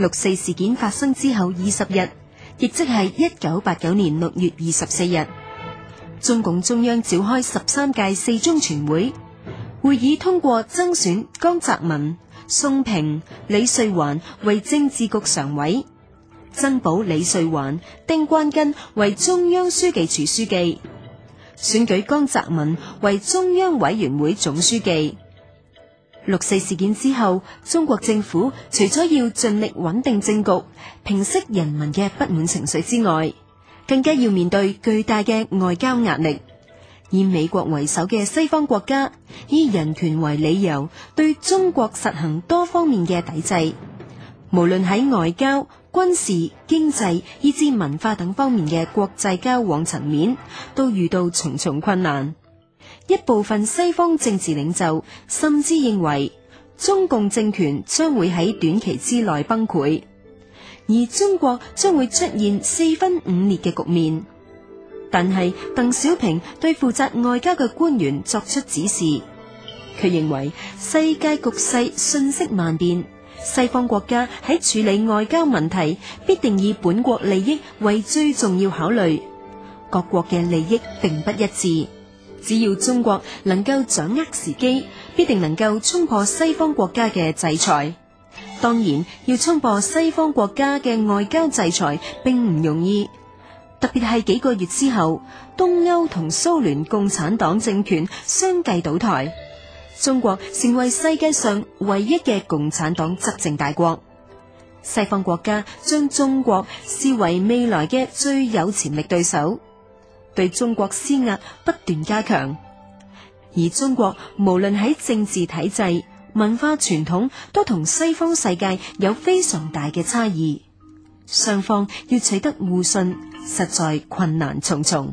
六四事件發生之後二十日，亦即係一九八九年六月二十四日，中共中央召開十三屆四中全會，會議通過增選江澤民、宋平、李瑞環為政治局常委，增補李瑞環、丁關根為中央書記處書記，選舉江澤民為中央委員會總書記。六四事件之後，中國政府除咗要盡力穩定政局、平息人民嘅不滿情緒之外，更加要面對巨大嘅外交壓力。以美國為首嘅西方國家，以人權為理由，對中國實行多方面嘅抵制，無論喺外交、軍事、經濟，以至文化等方面嘅國際交往層面，都遇到重重困難。一部分西方政治領袖甚至認為中共政權將會喺短期之內崩潰，而中國將會出現四分五裂嘅局面。但係鄧小平對負責外交嘅官員作出指示，佢認為世界局勢瞬息萬變，西方國家喺處理外交問題必定以本國利益為最重要考慮，各國嘅利益並不一致。只要中國能夠掌握時機，必定能夠衝破西方國家嘅制裁。當然，要衝破西方國家嘅外交制裁並唔容易，特別係幾個月之後，東歐同蘇聯共產黨政權相繼倒台，中國成為世界上唯一嘅共產黨執政大國，西方國家將中國視為未來嘅最有潛力對手。對中國施壓不斷加強，而中國無論喺政治體制、文化傳統，都同西方世界有非常大嘅差異，雙方要取得互信，實在困難重重。